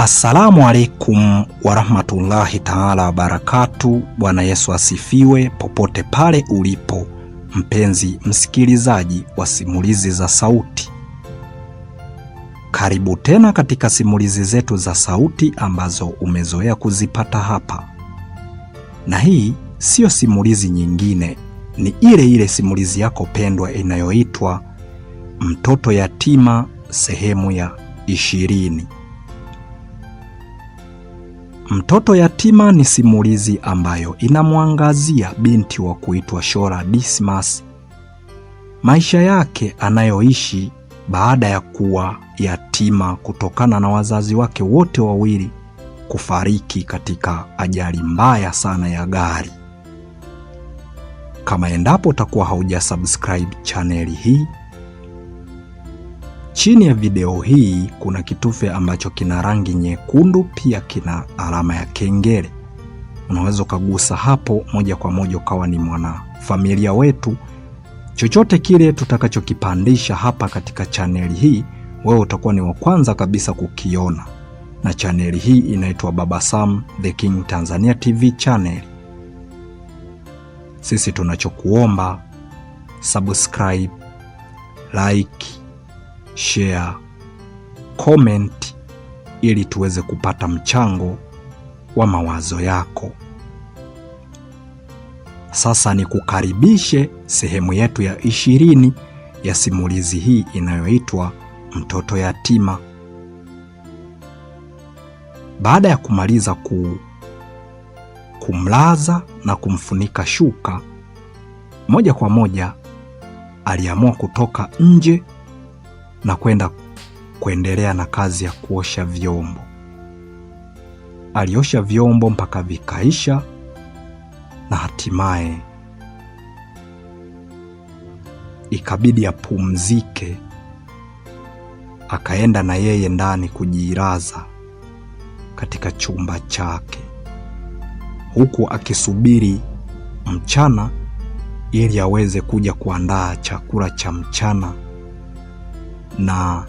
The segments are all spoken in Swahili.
Assalamu alaikum warahmatullahi taala wabarakatu. Bwana Yesu asifiwe popote pale ulipo, mpenzi msikilizaji wa simulizi za sauti. Karibu tena katika simulizi zetu za sauti ambazo umezoea kuzipata hapa, na hii siyo simulizi nyingine, ni ile ile simulizi yako pendwa inayoitwa Mtoto Yatima sehemu ya ishirini. Mtoto Yatima ni simulizi ambayo inamwangazia binti wa kuitwa Shora Dismas, maisha yake anayoishi baada ya kuwa yatima kutokana na wazazi wake wote wawili kufariki katika ajali mbaya sana ya gari. Kama endapo utakuwa haujasubscribe chaneli hii Chini ya video hii kuna kitufe ambacho kina rangi nyekundu, pia kina alama ya kengele. Unaweza ukagusa hapo moja kwa moja ukawa ni mwanafamilia wetu. Chochote kile tutakachokipandisha hapa katika chaneli hii, wewe utakuwa ni wa kwanza kabisa kukiona, na chaneli hii inaitwa Baba Sam The King Tanzania TV channel. Sisi tunachokuomba subscribe, like share, comment ili tuweze kupata mchango wa mawazo yako. Sasa ni kukaribishe sehemu yetu ya ishirini ya simulizi hii inayoitwa Mtoto Yatima. Baada ya kumaliza ku, kumlaza na kumfunika shuka, moja kwa moja aliamua kutoka nje na kwenda kuendelea na kazi ya kuosha vyombo. Aliosha vyombo mpaka vikaisha na hatimaye ikabidi apumzike, akaenda na yeye ndani kujiraza katika chumba chake, huku akisubiri mchana ili aweze kuja kuandaa chakula cha mchana na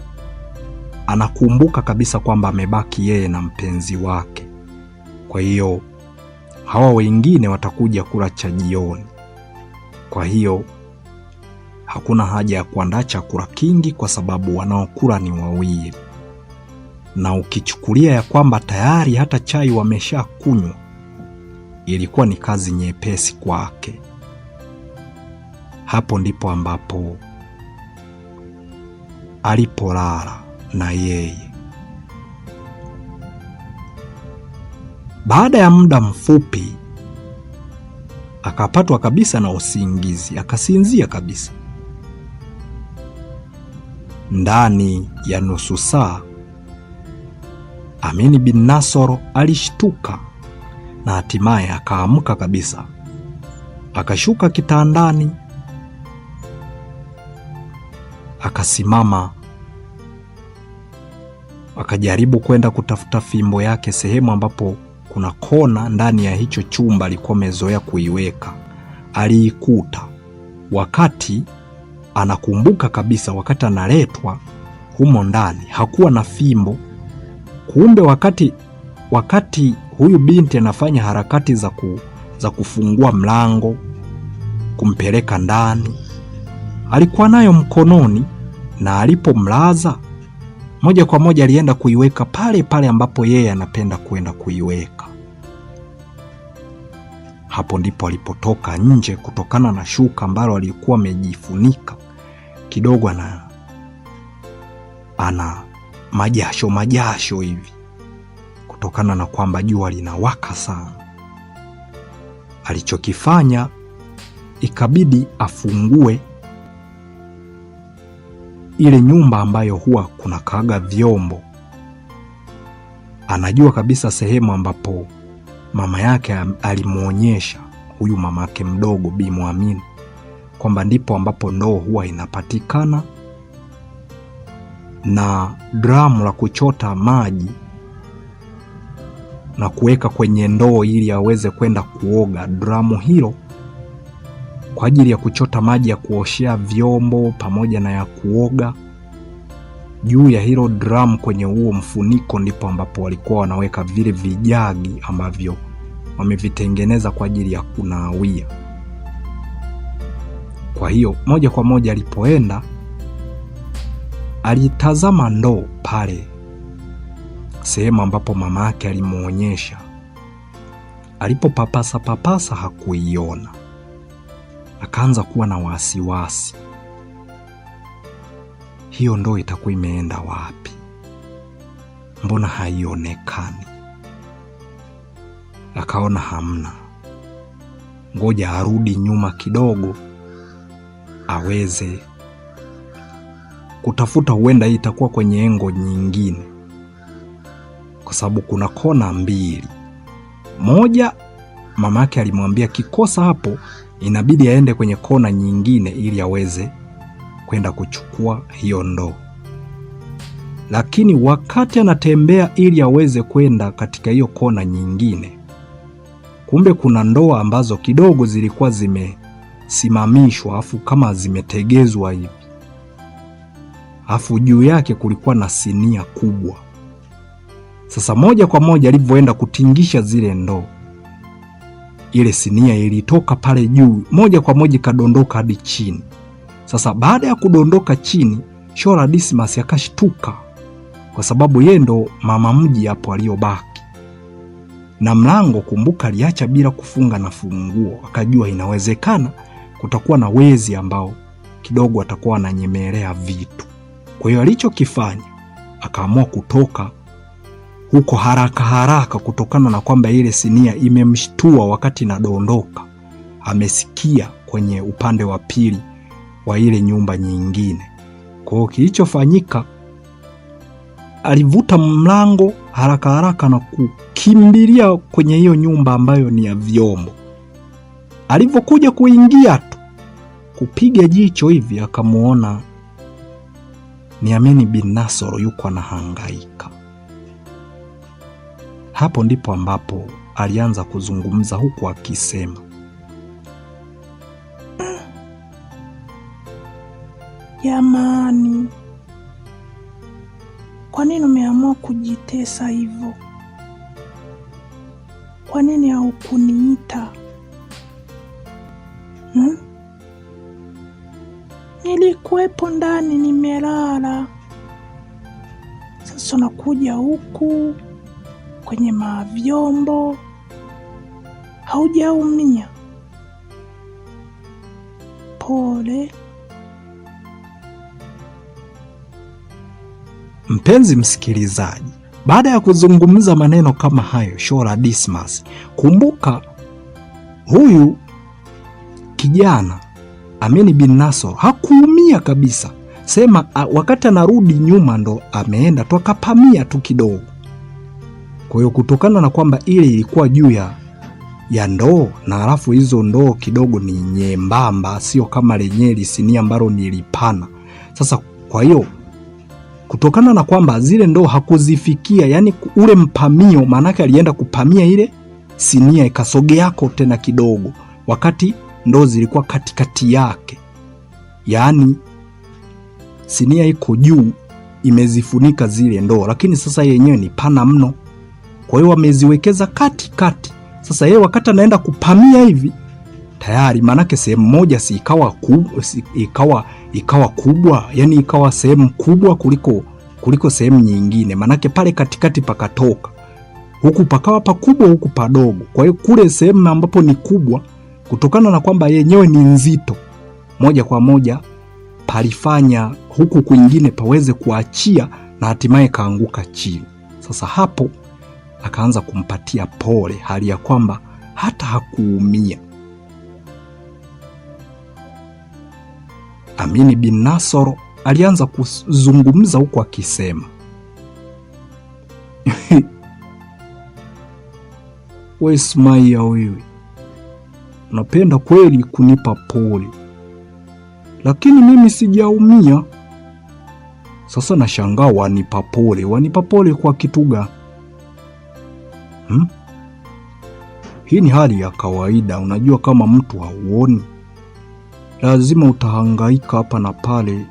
anakumbuka kabisa kwamba amebaki yeye na mpenzi wake. Kwa hiyo hawa wengine watakuja kula cha jioni, kwa hiyo hakuna haja ya kuandaa chakula kingi kwa sababu wanaokula ni wawili, na ukichukulia ya kwamba tayari hata chai wamesha kunywa, ilikuwa ni kazi nyepesi kwake. Hapo ndipo ambapo alipolala na yeye. Baada ya muda mfupi akapatwa kabisa na usingizi, akasinzia kabisa. Ndani ya nusu saa Amini bin Nasoro alishtuka na hatimaye akaamka kabisa, akashuka kitandani Akasimama akajaribu kwenda kutafuta fimbo yake sehemu ambapo kuna kona ndani ya hicho chumba alikuwa amezoea kuiweka. Aliikuta wakati anakumbuka kabisa, wakati analetwa humo ndani hakuwa na fimbo. Kumbe wakati wakati huyu binti anafanya harakati za, ku, za kufungua mlango kumpeleka ndani, alikuwa nayo mkononi na alipomlaza moja kwa moja alienda kuiweka pale pale ambapo yeye anapenda kwenda kuiweka. Hapo ndipo alipotoka nje kutokana na shuka ambalo alikuwa amejifunika kidogo, ana ana majasho majasho hivi kutokana na kwamba jua linawaka sana. Alichokifanya ikabidi afungue ile nyumba ambayo huwa kuna kaaga vyombo, anajua kabisa sehemu ambapo mama yake alimwonyesha huyu mama yake mdogo Bi Mwamini kwamba ndipo ambapo ndoo huwa inapatikana na dramu la kuchota maji na kuweka kwenye ndoo ili aweze kwenda kuoga. Dramu hilo kwa ajili ya kuchota maji ya kuoshea vyombo pamoja na ya kuoga. Juu ya hilo drum kwenye huo mfuniko ndipo ambapo walikuwa wanaweka vile vijagi ambavyo wamevitengeneza kwa ajili ya kunawia. Kwa hiyo moja kwa moja alipoenda alitazama ndoo pale sehemu ambapo mama yake alimwonyesha. Alipopapasa papasa hakuiona akaanza kuwa na wasiwasi, hiyo ndoo itakuwa imeenda wapi? Mbona haionekani? Akaona hamna, ngoja arudi nyuma kidogo aweze kutafuta, huenda hii itakuwa kwenye engo nyingine, kwa sababu kuna kona mbili, moja mamake alimwambia kikosa hapo inabidi aende kwenye kona nyingine ili aweze kwenda kuchukua hiyo ndoo. Lakini wakati anatembea ili aweze kwenda katika hiyo kona nyingine, kumbe kuna ndoo ambazo kidogo zilikuwa zimesimamishwa, afu kama zimetegezwa hivi, afu juu yake kulikuwa na sinia kubwa. Sasa moja kwa moja alivyoenda kutingisha zile ndoo ile sinia ilitoka pale juu moja kwa moja ikadondoka hadi chini. Sasa baada ya kudondoka chini, Shora Dismas akashtuka kwa sababu yeye ndo mama mji hapo aliyobaki, na mlango kumbuka, aliacha bila kufunga na funguo. Akajua inawezekana kutakuwa na wezi ambao kidogo atakuwa ananyemelea vitu. Kwa hiyo alichokifanya akaamua kutoka huko haraka haraka, kutokana na kwamba ile sinia imemshtua wakati inadondoka. Amesikia kwenye upande wa pili wa ile nyumba nyingine. Kwa hiyo kilichofanyika, alivuta mlango haraka haraka na kukimbilia kwenye hiyo nyumba ambayo ni ya vyombo. Alivyokuja kuingia tu kupiga jicho hivi, akamuona Niamini bin Nasoro yuko anahangaika. Hapo ndipo ambapo alianza kuzungumza huku akisema, jamani, kwa nini umeamua kujitesa hivyo? Kwa nini haukuniita hmm? Nilikuwepo ndani nimelala, sasa unakuja huku kwenye mavyombo, haujaumia. Pole mpenzi msikilizaji. Baada ya kuzungumza maneno kama hayo, Shora Dismas, kumbuka huyu kijana Amini bin Nasor hakuumia kabisa. Sema wakati anarudi nyuma ndo ameenda twakapamia tu kidogo. Kwa hiyo kutokana na kwamba ile ilikuwa juu ya ya ndoo na alafu hizo ndoo kidogo ni nyembamba, sio kama lenyewe lisinia ambalo nilipana. Sasa kwa hiyo kutokana na kwamba zile ndoo hakuzifikia, yani ule mpamio, maanake alienda kupamia ile sinia ikasogeako tena kidogo, wakati ndoo zilikuwa katikati yake, yaani sinia iko juu imezifunika zile ndoo, lakini sasa yenyewe ni pana mno. Kwa hiyo wameziwekeza kati kati. Sasa yeye wakati anaenda kupamia hivi tayari, maanake sehemu moja si ikawa kubwa, si ikawa ikawa kubwa, yani ikawa sehemu kubwa kuliko kuliko sehemu nyingine, maanake pale katikati pakatoka, huku pakawa pakubwa, huku padogo. Kwa hiyo kule sehemu ambapo ni kubwa, kutokana na kwamba yenyewe ni nzito, moja kwa moja palifanya huku kwingine paweze kuachia na hatimaye kaanguka chini. Sasa hapo akaanza kumpatia pole, hali ya kwamba hata hakuumia. Amini bin Nasoro alianza kuzungumza huku akisema, we Smaia, wewe unapenda kweli kunipa pole, lakini mimi sijaumia. Sasa nashangaa wanipa pole, wanipa pole kwa kitu gani? hmm? Hii ni hali ya kawaida. Unajua, kama mtu hauoni, lazima utahangaika hapa na pale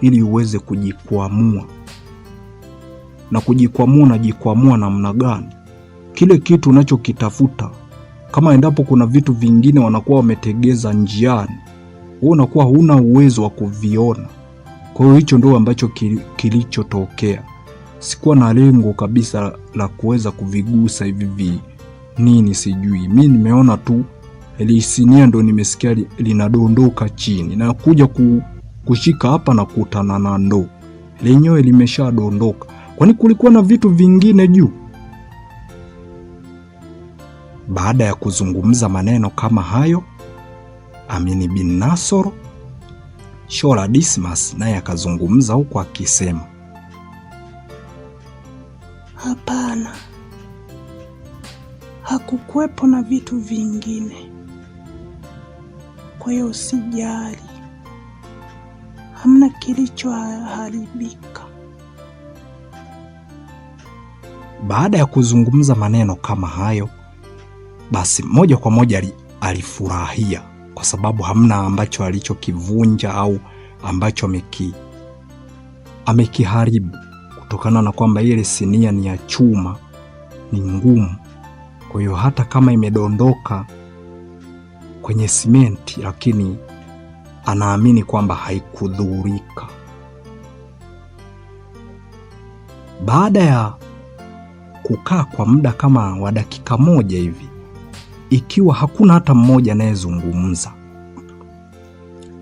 ili uweze kujikwamua. Na kujikwamua, unajikwamua namna gani? Kile kitu unachokitafuta, kama endapo kuna vitu vingine wanakuwa wametegeza njiani, wewe unakuwa huna uwezo wa kuviona. Kwa hiyo hicho ndio ambacho kilichotokea sikuwa na lengo kabisa la kuweza kuvigusa hivi vi nini, sijui mi nimeona tu lisinia ndo nimesikia linadondoka chini na kuja ku, kushika hapa na kutana na ndoo lenyewe limeshadondoka, kwani kulikuwa na vitu vingine juu. Baada ya kuzungumza maneno kama hayo, Amini bin Nasoro Shola Dismas naye akazungumza huku akisema Hapana, hakukuwepo na vitu vingine. Kwa hiyo usijali, hamna kilichoharibika. Baada ya kuzungumza maneno kama hayo, basi moja kwa moja alifurahia kwa sababu hamna ambacho alichokivunja au ambacho ameki amekiharibu kutokana na kwamba ile sinia ni ya chuma, ni ngumu. Kwa hiyo hata kama imedondoka kwenye simenti, lakini anaamini kwamba haikudhurika. Baada ya kukaa kwa muda kama wa dakika moja hivi, ikiwa hakuna hata mmoja anayezungumza,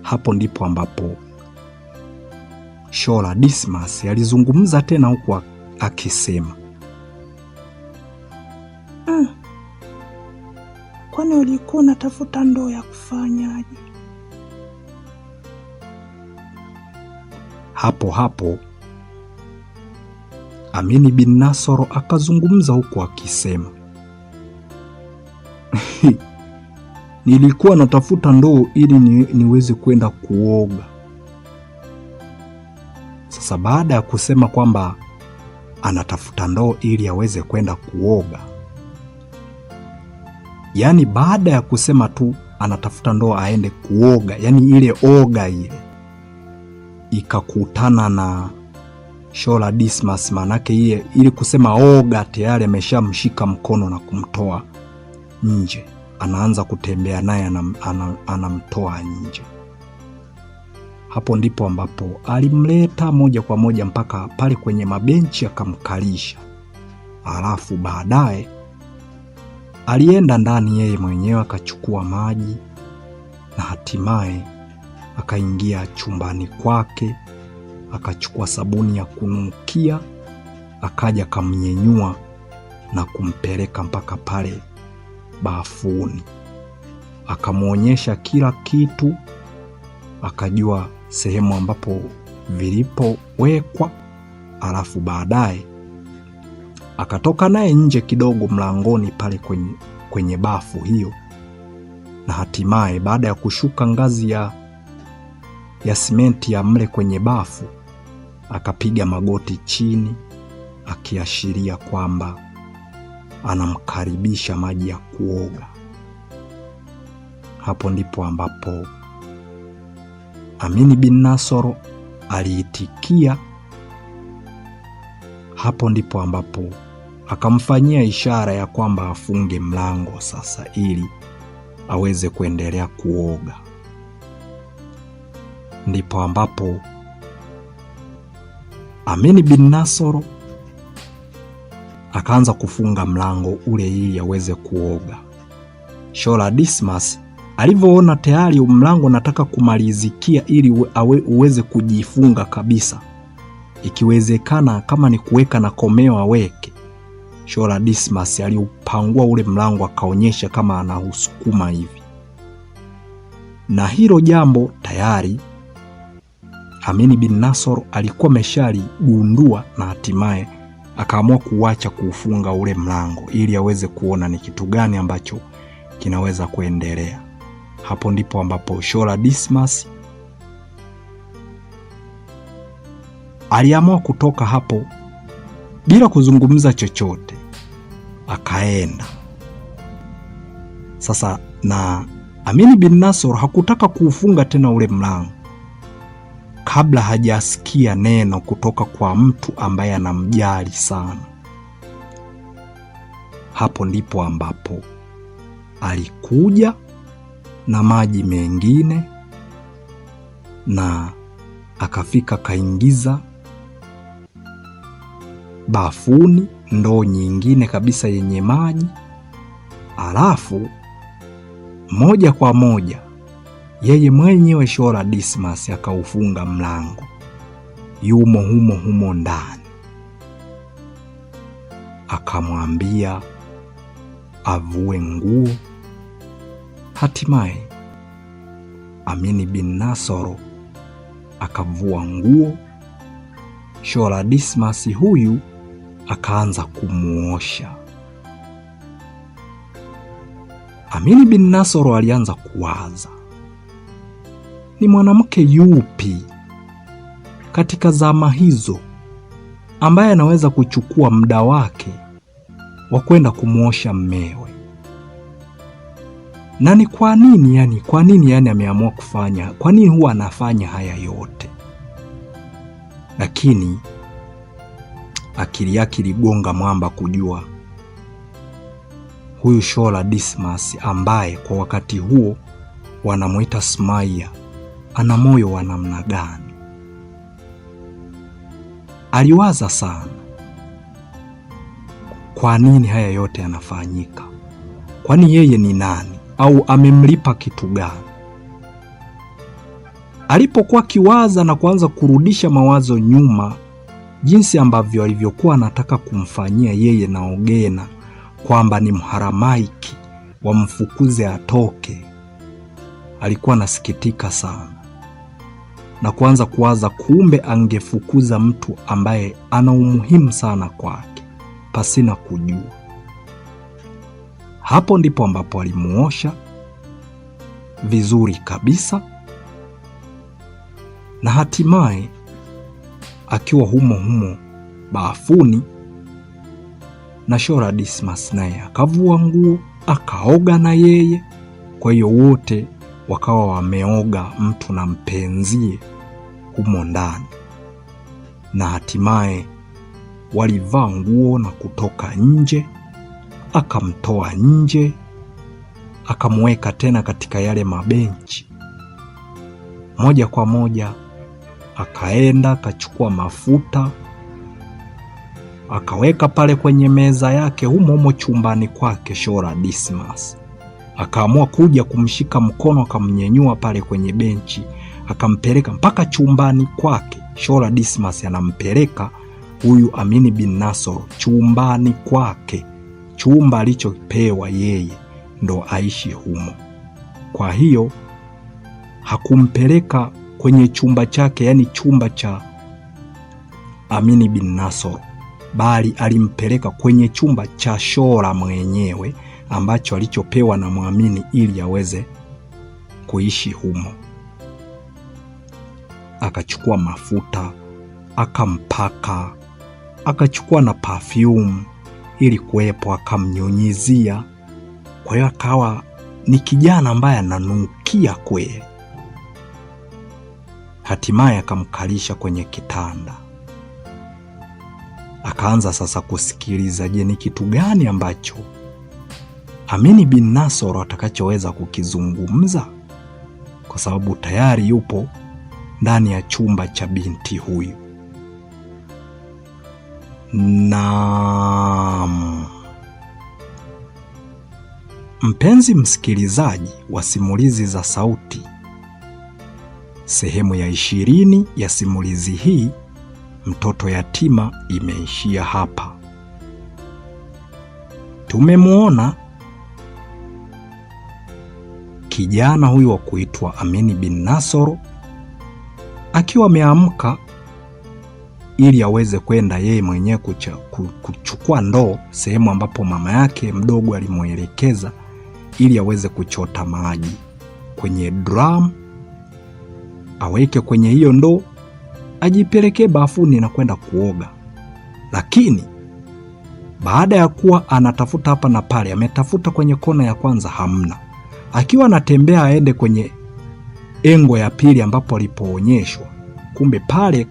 hapo ndipo ambapo Shola, Dismas alizungumza tena huku akisema, ah, kwani ulikuwa unatafuta ndoo ya kufanyaje? Hapo hapo Amini bin Nasoro akazungumza huku akisema, nilikuwa natafuta ndoo ili ni, niweze kwenda kuoga sasa baada ya kusema kwamba anatafuta ndoo ili aweze kwenda kuoga, yaani baada ya kusema tu anatafuta ndoo aende kuoga, yaani ile oga ile ikakutana na Shola Dismas, manake iye ili kusema oga tayari ameshamshika mkono na kumtoa nje, anaanza kutembea naye anamtoa nje. Hapo ndipo ambapo alimleta moja kwa moja mpaka pale kwenye mabenchi akamkalisha, alafu baadaye alienda ndani yeye mwenyewe akachukua maji na hatimaye akaingia chumbani kwake akachukua sabuni ya kunukia akaja akamnyenyua na kumpeleka mpaka pale bafuni, akamwonyesha kila kitu, akajua sehemu ambapo vilipowekwa, alafu baadaye akatoka naye nje kidogo mlangoni pale kwenye, kwenye bafu hiyo, na hatimaye baada ya kushuka ngazi ya ya simenti ya mle kwenye bafu akapiga magoti chini akiashiria kwamba anamkaribisha maji ya kuoga. Hapo ndipo ambapo Amini bin Nasoro aliitikia. Hapo ndipo ambapo akamfanyia ishara ya kwamba afunge mlango sasa, ili aweze kuendelea kuoga. Ndipo ambapo Amini bin Nasoro akaanza kufunga mlango ule ili aweze kuoga. Shola Dismas alivyoona tayari mlango nataka kumalizikia ili uweze kujifunga kabisa, ikiwezekana kama ni kuweka na komeo aweke. Shola Dismas aliupangua ule mlango akaonyesha kama anausukuma hivi, na hilo jambo tayari Amini bin nasor alikuwa ameshaligundua na hatimaye akaamua kuacha kuufunga ule mlango ili aweze kuona ni kitu gani ambacho kinaweza kuendelea. Hapo ndipo ambapo Shola Dismas aliamua kutoka hapo bila kuzungumza chochote, akaenda sasa. Na Amini bin Nasor hakutaka kuufunga tena ule mlango kabla hajasikia neno kutoka kwa mtu ambaye anamjali sana. Hapo ndipo ambapo alikuja na maji mengine, na akafika kaingiza bafuni ndoo nyingine kabisa yenye maji, alafu moja kwa moja yeye mwenyewe Shora Dismas akaufunga mlango, yumo humo humo ndani, akamwambia avue nguo Hatimaye Amini bin Nasoro akavua nguo, Shola Dismas huyu akaanza kumuosha. Amini bin Nasoro alianza kuwaza, ni mwanamke yupi katika zama hizo ambaye anaweza kuchukua muda wake wa kwenda kumwosha mmewe? na ni kwa nini yani, kwa nini yani ameamua kufanya, kwa nini huwa anafanya haya yote? Lakini akili yake iligonga mwamba kujua huyu Shola Dismas ambaye kwa wakati huo wanamwita Smaia ana moyo wa namna gani. Aliwaza sana, kwa nini haya yote yanafanyika? Kwani yeye ni nani? au amemlipa kitu gani? Alipokuwa kiwaza na kuanza kurudisha mawazo nyuma, jinsi ambavyo alivyokuwa anataka kumfanyia yeye na Ogena, kwamba ni mharamaiki wamfukuze atoke, alikuwa anasikitika sana na kuanza kuwaza, kumbe angefukuza mtu ambaye ana umuhimu sana kwake pasina kujua. Hapo ndipo ambapo alimuosha vizuri kabisa, na hatimaye akiwa humo humo bafuni na Shora Dismas naye akavua nguo akaoga na yeye. Kwa hiyo wote wakawa wameoga mtu na mpenzie humo ndani, na hatimaye walivaa nguo na kutoka nje akamtoa nje, akamweka tena katika yale mabenchi. Moja kwa moja akaenda akachukua mafuta akaweka pale kwenye meza yake humo humo chumbani kwake. Shora Dismas akaamua kuja kumshika mkono akamnyenyua pale kwenye benchi akampeleka mpaka chumbani kwake. Shora Dismas anampeleka huyu Amini bin Nasor chumbani kwake chumba alichopewa yeye ndo aishi humo. Kwa hiyo hakumpeleka kwenye chumba chake, yaani chumba cha Amini bin Nasoro, bali alimpeleka kwenye chumba cha Shora mwenyewe ambacho alichopewa na Mwamini ili aweze kuishi humo. Akachukua mafuta akampaka, akachukua na perfume ili kuwepo, akamnyunyizia. Kwa hiyo akawa ni kijana ambaye ananukia kweli. Hatimaye akamkalisha kwenye kitanda, akaanza sasa kusikiliza, je, ni kitu gani ambacho Amini bin Nasoro atakachoweza kukizungumza, kwa sababu tayari yupo ndani ya chumba cha binti huyu. Naam. Mpenzi msikilizaji wa simulizi za sauti, sehemu ya ishirini ya simulizi hii Mtoto Yatima imeishia hapa. Tumemwona kijana huyu wa kuitwa Amini bin Nasoro akiwa ameamka ili aweze kwenda yeye mwenyewe kuchukua ndoo sehemu ambapo mama yake mdogo alimwelekeza ili aweze kuchota maji kwenye drum, aweke kwenye hiyo ndoo, ajipelekee bafuni na kwenda kuoga. Lakini baada ya kuwa anatafuta hapa na pale, ametafuta kwenye kona ya kwanza hamna, akiwa anatembea aende kwenye engo ya pili ambapo alipoonyeshwa, kumbe pale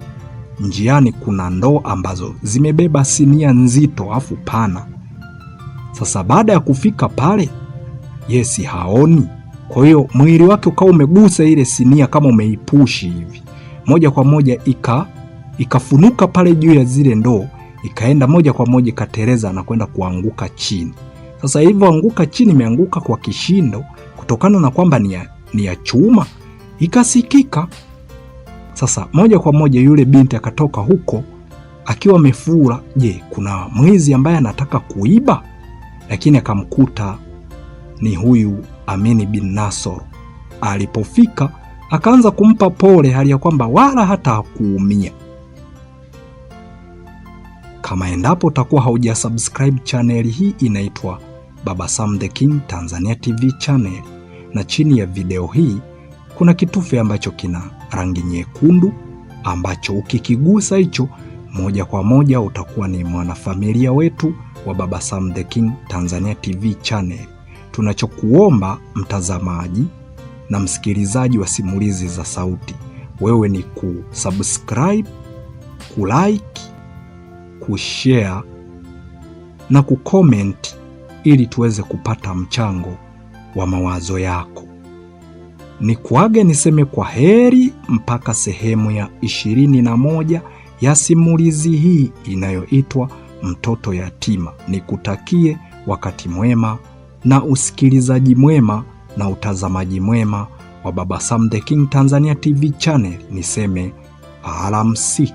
njiani kuna ndoo ambazo zimebeba sinia nzito afu pana. Sasa baada ya kufika pale, Yesi haoni, kwa hiyo mwili wake ukawa umegusa ile sinia kama umeipushi hivi moja kwa moja ika ikafunuka pale juu ya zile ndoo, ikaenda moja kwa moja ikatereza na kwenda kuanguka chini. Sasa hivyo anguka chini, imeanguka kwa kishindo, kutokana na kwamba ni ya, ni ya chuma, ikasikika sasa moja kwa moja yule binti akatoka huko akiwa amefura. Je, kuna mwizi ambaye anataka kuiba? Lakini akamkuta ni huyu Amini bin Nasor. Alipofika akaanza kumpa pole, hali ya kwamba wala hata hakuumia. Kama endapo utakuwa haujasubscribe channel hii inaitwa Baba Sam the King Tanzania TV channel, na chini ya video hii kuna kitufe ambacho kina rangi nyekundu ambacho ukikigusa hicho moja kwa moja utakuwa ni mwanafamilia wetu wa Baba Sam the King Tanzania TV channel. Tunachokuomba mtazamaji na msikilizaji wa simulizi za sauti, wewe ni kusubscribe, kulike, kushare na kucomment ili tuweze kupata mchango wa mawazo yako ni kuage niseme kwa heri mpaka sehemu ya ishirini na moja ya simulizi hii inayoitwa Mtoto Yatima. Nikutakie wakati mwema na usikilizaji mwema na utazamaji mwema wa Baba Sam the King Tanzania TV channel. Niseme alamsiki.